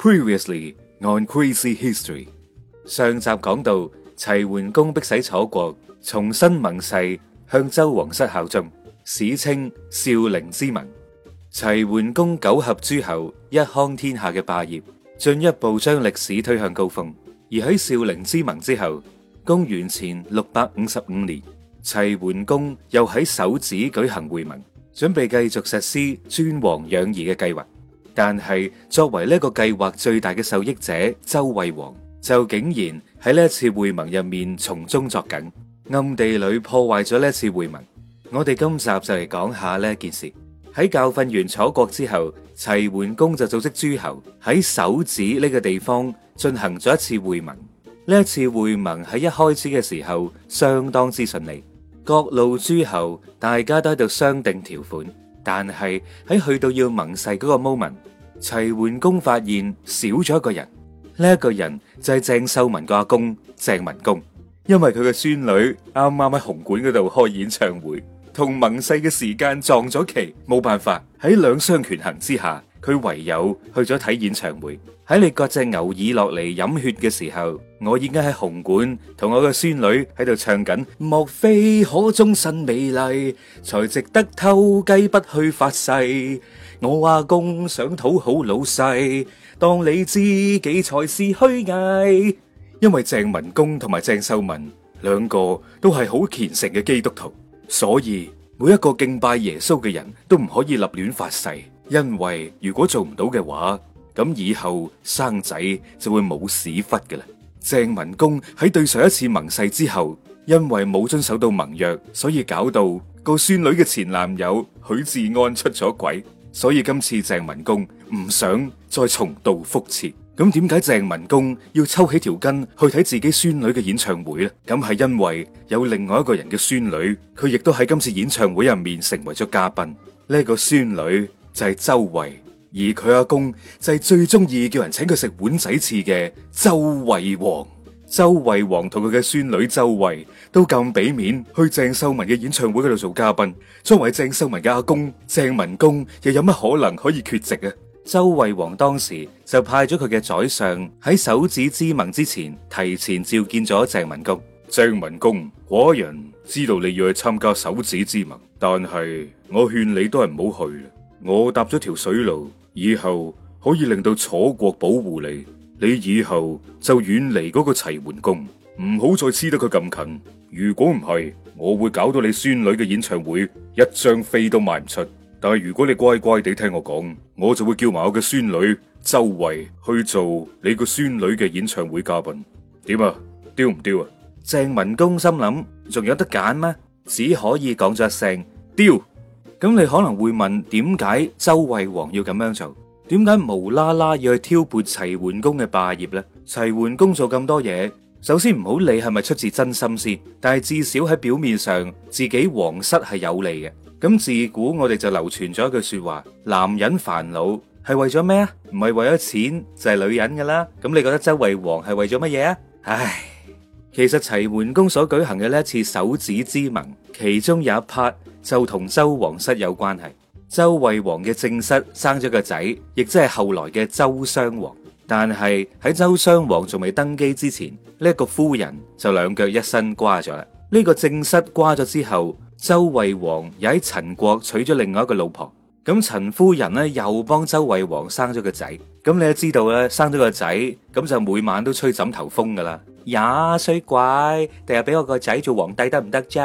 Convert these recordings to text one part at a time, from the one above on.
Previously on Crazy History，上集講到，齊桓公迫使楚國，重新盟誓，向周王室效忠，史稱少陵之盟。齊桓公九合諸侯，一匡天下的霸業，進一步將歷史推向高峰。而在少陵之盟之後，公元前655但係，作為呢一個計劃最大嘅受益者，周惠王就竟然喺呢次會盟入面從中作梗，暗地裏破壞咗呢次會盟。我哋今集就嚟講下呢件事。喺教訓完楚國之後，齊桓公就組織諸侯喺首止呢個地方進行咗一次會盟。呢次會盟喺一開始嘅時候相當之順利，各路諸侯大家都喺度商定條款。但係喺去到要盟誓嗰個 moment，齊桓公發現少咗一個人，呢一個人就係鄭秀文個阿公鄭文公，因為佢個孫女啱啱喺紅館嗰度開演唱會，同盟誓嘅時間撞咗期，冇辦法，喺兩相權衡之下。佢唯有去咗睇演唱會。喺你割隻牛耳落嚟飲血嘅時候，我已經喺紅館同我個孫女喺度唱緊。莫非可終身美麗，才值得偷雞不去發誓？我阿公想討好老細，當你知己才是虛偽。因為鄭文公同埋鄭秀文兩個都係好虔誠嘅基督徒，所以每一個敬拜耶穌嘅人都唔可以立亂發誓。因為如果做唔到嘅話，咁以後生仔就會冇屎忽嘅啦。鄭文公喺對上一次盟誓之後，因為冇遵守到盟約，所以搞到個孫女嘅前男友許志安出咗軌，所以今次鄭文公唔想再重蹈覆轍。咁點解鄭文公要抽起條筋去睇自己孫女嘅演唱會咧？咁係因為有另外一個人嘅孫女，佢亦都喺今次演唱會入面成為咗嘉賓。呢個孫女。就係周惠，而佢阿公就係最中意叫人請佢食碗仔翅嘅周惠王。周惠王同佢嘅孫女周惠都咁俾面去鄭秀文嘅演唱會嗰度做嘉賓。作為鄭秀文嘅阿公鄭文公，又有乜可能可以缺席嘅？周惠王當時就派咗佢嘅宰相喺首止之盟之前提前召見咗鄭文公。鄭文公，寡人知道你要去參加首止之盟，但係我勸你都係唔好去。我搭咗條水路，以後可以令到楚國保護你。你以後就遠離嗰個齊桓公，唔好再黐得佢咁近。如果唔係，我會搞到你孫女嘅演唱會一張飛都賣唔出。但係如果你乖乖地聽我講，我就會叫埋我嘅孫女周圍去做你個孫女嘅演唱會嘉賓。點啊？丟唔丟啊？鄭文公心諗，仲有得揀咩？只可以講咗一聲丟。丟咁你可能會問點解周惠王要咁樣做？點解無啦啦要去挑撥齊桓公嘅霸業呢？齊桓公做咁多嘢，首先唔好理係咪出自真心先，但係至少喺表面上自己皇室係有利嘅。咁自古我哋就流傳咗一句說話：男人煩惱係為咗咩啊？唔係為咗錢就係女人噶啦。咁你覺得周惠王係為咗乜嘢啊？唉。其實齊桓公所舉行嘅呢次首止之盟，其中有一 part 就同周王室有關係。周惠王嘅正室生咗個仔，亦即係後來嘅周襄王。但係喺周襄王仲未登基之前，呢一個夫人就兩腳一伸瓜咗啦。呢個正室瓜咗之後，周惠王又喺陳國娶咗另外一個老婆，咁陳夫人呢，又幫周惠王生咗個仔。咁你都知道咧，生咗個仔，咁就每晚都吹枕頭風噶啦。呀，衰鬼，第日俾我個仔做皇帝得唔得啫？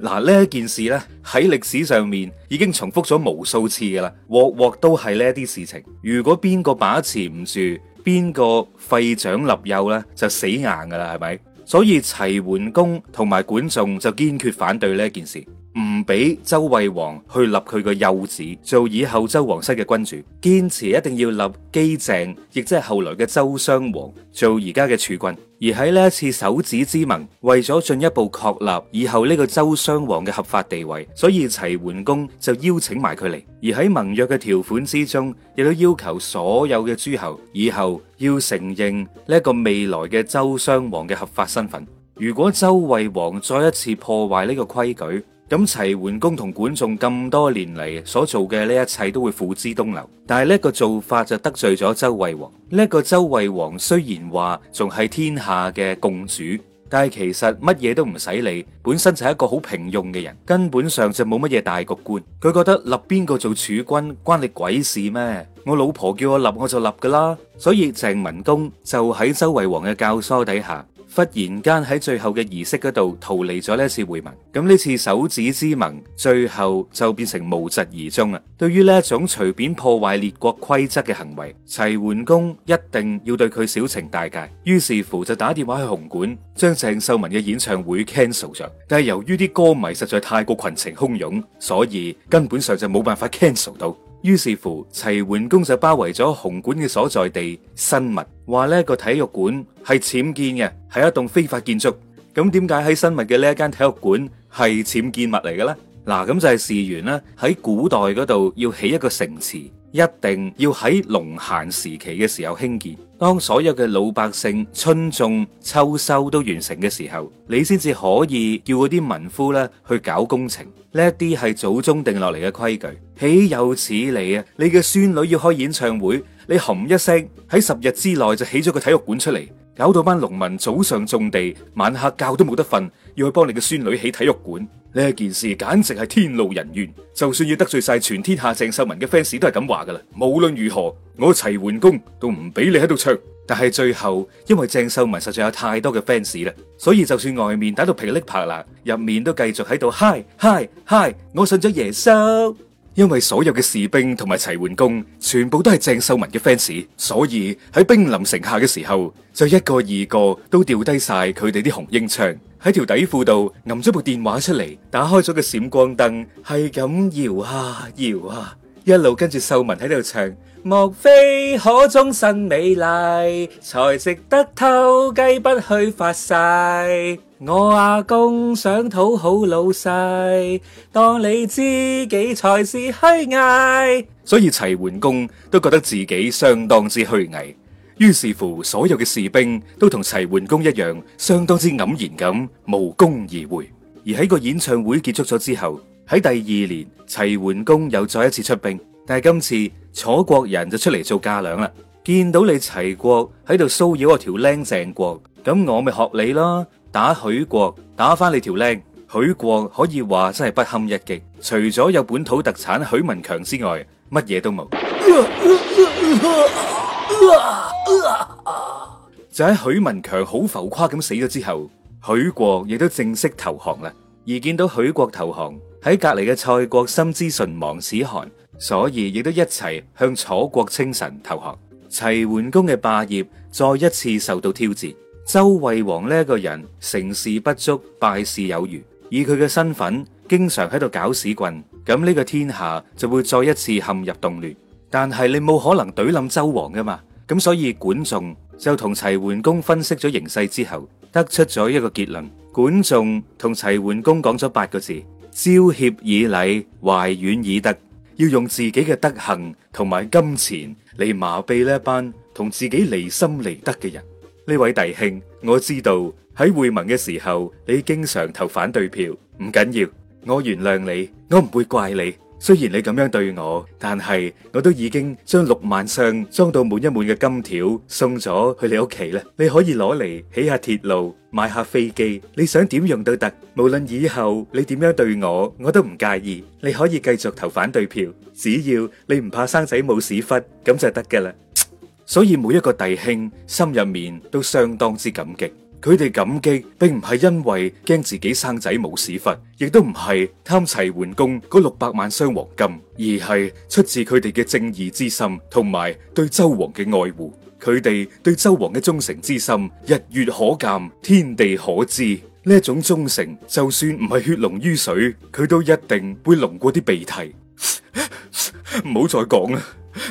嗱，呢一件事咧喺歷史上面已經重複咗無數次噶啦，鑊鑊都係呢一啲事情。如果邊個把持唔住，邊個廢長立幼咧，就死硬噶啦，係咪？所以齊桓公同埋管仲就堅決反對呢一件事。唔俾周惠王去立佢個幼子做以後周王室嘅君主，堅持一定要立姬鄭，亦即係後來嘅周襄王做而家嘅儲君。而喺呢一次首止之盟，為咗進一步確立以後呢個周襄王嘅合法地位，所以齊桓公就邀請埋佢嚟。而喺盟約嘅條款之中，亦都要求所有嘅諸侯以後要承認呢一個未來嘅周襄王嘅合法身份。如果周惠王再一次破壞呢個規矩，咁齊桓公同管仲咁多年嚟所做嘅呢一切都會付之東流，但係呢一個做法就得罪咗周惠王。呢一個周惠王雖然話仲係天下嘅共主，但係其實乜嘢都唔使理，本身就係一個好平庸嘅人，根本上就冇乜嘢大局觀。佢覺得立邊個做儲君關你鬼事咩？我老婆叫我立我就立噶啦，所以鄭文公就喺周惠王嘅教唆底下。忽然間喺最後嘅儀式嗰度逃離咗呢一次會盟，咁呢次首止之盟最後就變成無疾而終啦。對於呢一種隨便破壞列國規則嘅行為，齊桓公一定要對佢小懲大戒。於是乎就打電話去紅館，將鄭秀文嘅演唱會 cancel 咗。但係由於啲歌迷實在太過群情洶湧，所以根本上就冇辦法 cancel 到。於是乎，齊桓公就包圍咗紅館嘅所在地首止，話呢個體育館係僭建嘅，係一棟非法建築。咁點解喺首止嘅呢一間體育館係僭建物嚟嘅咧？嗱，咁就係事源啦。喺古代嗰度要起一個城池，一定要喺農閒時期嘅時候興建，當所有嘅老百姓春種秋收都完成嘅時候，你先至可以叫嗰啲民夫咧去搞工程。呢一啲係祖宗定落嚟嘅規矩。豈有此理啊！你嘅孫女要開演唱會，你吼一聲喺十日之內就起咗個體育館出嚟，搞到班農民早上種地，晚黑覺都冇得瞓，要去幫你嘅孫女起體育館。呢件事簡直係天怒人怨，就算要得罪晒全天下鄭秀文嘅 fans 都係咁話噶啦。無論如何，我齊桓公都唔俾你喺度唱。但係最後，因為鄭秀文實在有太多嘅 fans 啦，所以就算外面打到噼哩啪啦，入面都繼續喺度「嗨嗨嗨」。我信咗耶穌。因為所有嘅士兵同埋齊桓公全部都係鄭秀文嘅 fans，所以喺兵臨城下嘅時候，就一個二個都掉低晒佢哋啲紅纓槍，喺條底褲度揞咗部電話出嚟，打開咗個閃光燈，係咁搖啊搖啊，一路跟住秀文喺度唱：莫非可終身美麗，才值得偷雞不去發誓。我阿公想討好老細，當你知己才是虛偽。所以齊桓公都覺得自己相當之虛偽，於是乎所有嘅士兵都同齊桓公一樣，相當之黯然咁無功而回。而喺個演唱會結束咗之後，喺第二年齊桓公又再一次出兵，但係今次楚國人就出嚟做架梁啦。見到你齊國喺度騷擾我條靚鄭國，咁我咪學你囉。打許國，打翻你條僆，許國可以話真係不堪一擊。除咗有本土特產許文強之外，乜嘢都冇。 就喺許文強好浮誇咁死咗之後，許國亦都正式投降啦。而見到許國投降，喺隔籬嘅蔡國心知唇亡齒寒，所以亦都一齊向楚國稱臣投降。齊桓公嘅霸業再一次受到挑戰。周惠王呢一個人成事不足，敗事有餘，以佢嘅身份經常喺度搞屎棍，咁呢個天下就會再一次陷入動亂。但係你冇可能懟冧周王噶嘛，咁所以管仲就同齊桓公分析咗形勢之後，得出咗一個結論。管仲同齊桓公講咗八個字：招攜以禮，懷遠以德，要用自己嘅德行同埋金錢嚟麻痹呢一班同自己離心離德嘅人。呢位弟兄，我知道喺會盟嘅時候，你經常投反對票，唔緊要，我原諒你，我唔會怪你。雖然你咁樣對我，但係我都已經將六萬箱裝到滿一滿嘅金條送咗去你屋企啦。你可以攞嚟起下鐵路，買下飛機，你想點用都得。無論以後你點樣對我，我都唔介意。你可以繼續投反對票，只要你唔怕生仔冇屎忽，咁就得㗎啦。所以每一個弟兄心入面都相當之感激，佢哋感激並唔係因為驚自己生仔冇屎忽，亦都唔係貪齊桓公嗰六百萬箱黃金，而係出自佢哋嘅正義之心，同埋對周王嘅愛護。佢哋對周王嘅忠誠之心，日月可鑑，天地可知。呢一種忠誠，就算唔係血濃於水，佢都一定會濃過啲鼻涕。唔 好再講啦。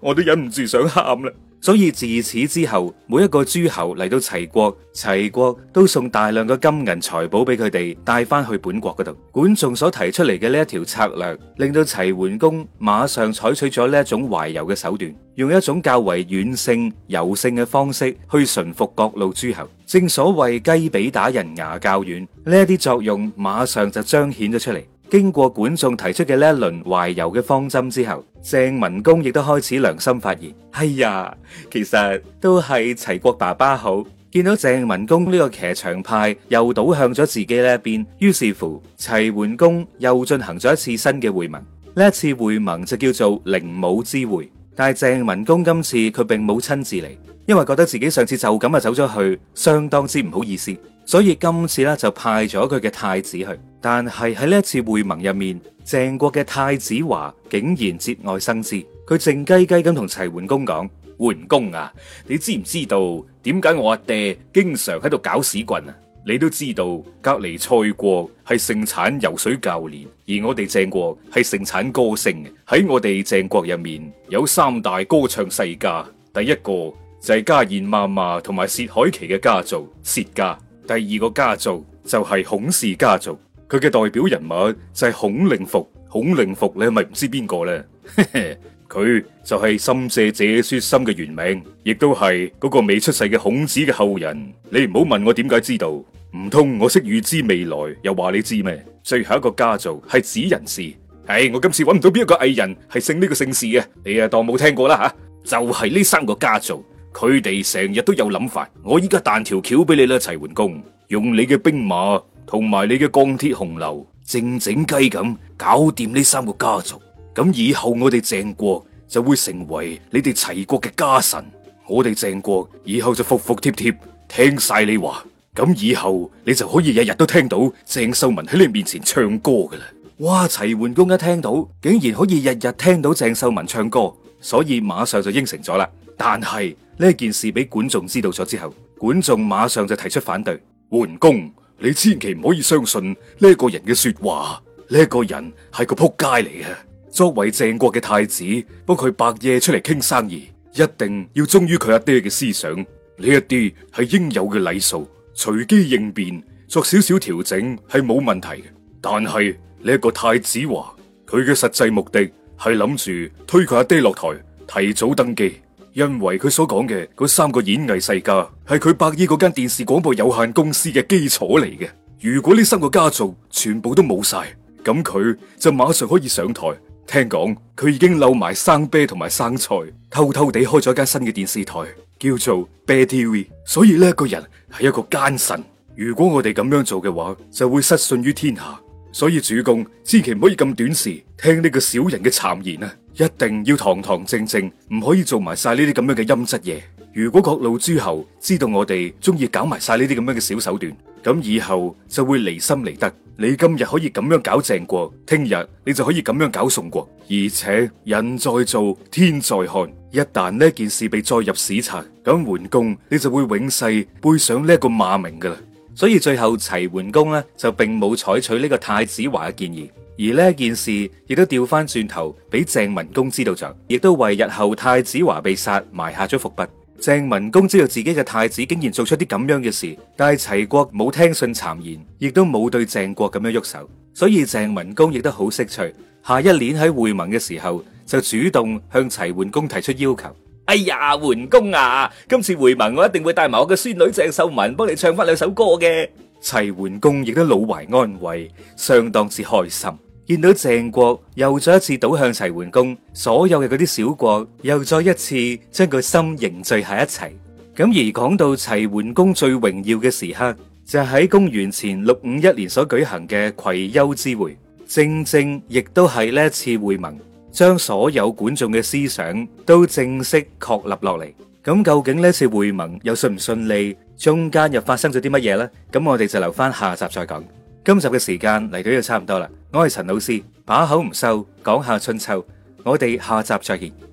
我都忍唔住想喊啦，所以自此之後，每一個諸侯嚟到齊國，齊國都送大量嘅金銀財寶俾佢哋帶翻去本國嗰度。管仲所提出嚟嘅呢一條策略，令到齊桓公馬上採取咗呢一種懷柔嘅手段，用一種較為軟性、柔性嘅方式去馴服各路諸侯。正所謂雞髀打人牙較軟，呢一啲作用馬上就彰顯咗出嚟。經過管仲提出嘅呢一輪懷柔嘅方針之後，鄭文公亦都開始良心發現。哎呀，其實都係齊國爸爸好。見到鄭文公呢個騎牆派又倒向咗自己呢一邊，於是乎齊桓公又進行咗一次新嘅會盟。呢一次會盟就叫做靈武之會。但係鄭文公今次佢並冇親自嚟，因為覺得自己上次就咁啊走咗去，相當之唔好意思，所以今次呢就派咗佢嘅太子去。但係喺呢次會盟入面，鄭國嘅太子華竟然節外生枝。佢靜雞雞咁同齊桓公講：「桓公啊，你知唔知道點解我阿爹，爹經常喺度搞屎棍啊？你都知道隔籬蔡國係盛產游水教練，而我哋鄭國係盛產歌星，喺我哋鄭國入面有三大歌唱世家，第一個就係家燕媽媽同埋薛凱琪嘅家族薛家，第二個家族就係孔氏家族。佢嘅代表人物就係孔令馥，孔令馥你係咪唔知邊個咧？佢就係心姐謝雪心嘅原名，亦都係嗰個未出世嘅孔子嘅後人。你唔好問我點解知道，唔通我識預知未來？又話你知咩？最後一個家族係子人氏，唉，我今次搵唔到邊一個藝人係姓呢個姓氏嘅，你啊當冇聽過啦吓。就係呢三個家族，佢哋成日都有諗法。我依家彈條橋俾你啦，齊桓公，用你嘅兵馬。同埋你嘅鋼鐵洪流，靜靜雞咁搞掂呢三個家族，咁以後我哋鄭國就會成為你哋齊國嘅家臣，我哋鄭國以後就服服帖帖聽晒你話，咁以後你就可以日日都聽到鄭秀文喺你面前唱歌噶啦。哇！齊桓公一聽到竟然可以日日聽到鄭秀文唱歌，所以馬上就應承咗啦。但係呢件事俾管仲知道咗之後，管仲馬上就提出反對，桓公。你千祈唔可以相信呢一個人嘅說話，呢、這、一個人係個撲街嚟嘅。作為鄭國嘅太子，幫佢白夜出嚟傾生意，一定要忠於佢阿爹嘅思想，呢一啲係應有嘅禮數。隨機應變作少少調整係冇問題，但係呢一個太子華，佢嘅實際目的係諗住推佢阿爹落台，提早登基。因為佢所講嘅嗰三個演藝世家係佢白衣嗰間電視廣播有限公司嘅基礎嚟嘅。如果呢三個家族全部都冇晒，咁佢就馬上可以上台。聽講佢已經漏埋生啤同埋生菜，偷偷地開咗一間新嘅電視台，叫做 Betv。所以呢個人係一個奸臣。如果我哋咁樣做嘅話，就會失信於天下。所以主公千祈唔可以咁短視，聽呢個小人嘅讒言啊！一定要堂堂正正，唔可以做埋晒呢啲咁樣嘅陰質嘢。如果各路諸侯知道我哋中意搞埋晒呢啲咁樣嘅小手段，咁以後就會離心離德。你今日可以咁樣搞鄭國，聽日你就可以咁樣搞宋國。而且人在做，天在看。一旦呢件事被載入史冊，咁桓公你就會永世背上呢個罵名噶啦。所以最後齊桓公呢，就並冇採取呢個太子華嘅建議。而呢件事亦都調翻轉頭，俾鄭文公知道咗，亦都為日後太子華被殺埋下咗伏筆。鄭文公知道自己嘅太子竟然做出啲咁樣嘅事，但係齊國冇聽信讒言，亦都冇對鄭國咁樣喐手，所以鄭文公亦都好識趣。下一年喺會盟嘅時候，就主動向齊桓公提出要求。哎呀，桓公啊，今次會盟我一定會帶埋我嘅孫女鄭秀文幫你唱翻兩首歌嘅。齊桓公亦都老懷安慰，相當之開心。見到鄭國又再一次倒向齊桓公，所有嘅嗰啲小國又再一次將個心凝聚喺一齊。咁而講到齊桓公最榮耀嘅時刻，就係公元前六五一年所舉行嘅葵丘之會，正正亦都係呢一次會盟，將所有管仲嘅思想都正式確立落嚟。咁究竟呢一次會盟又順唔順利？中間又發生咗啲乜嘢呢？咁我哋就留翻下集再講。今集嘅時間嚟到就差唔多啦，我係陳老師，把口唔收，講下春秋，我哋下集再見。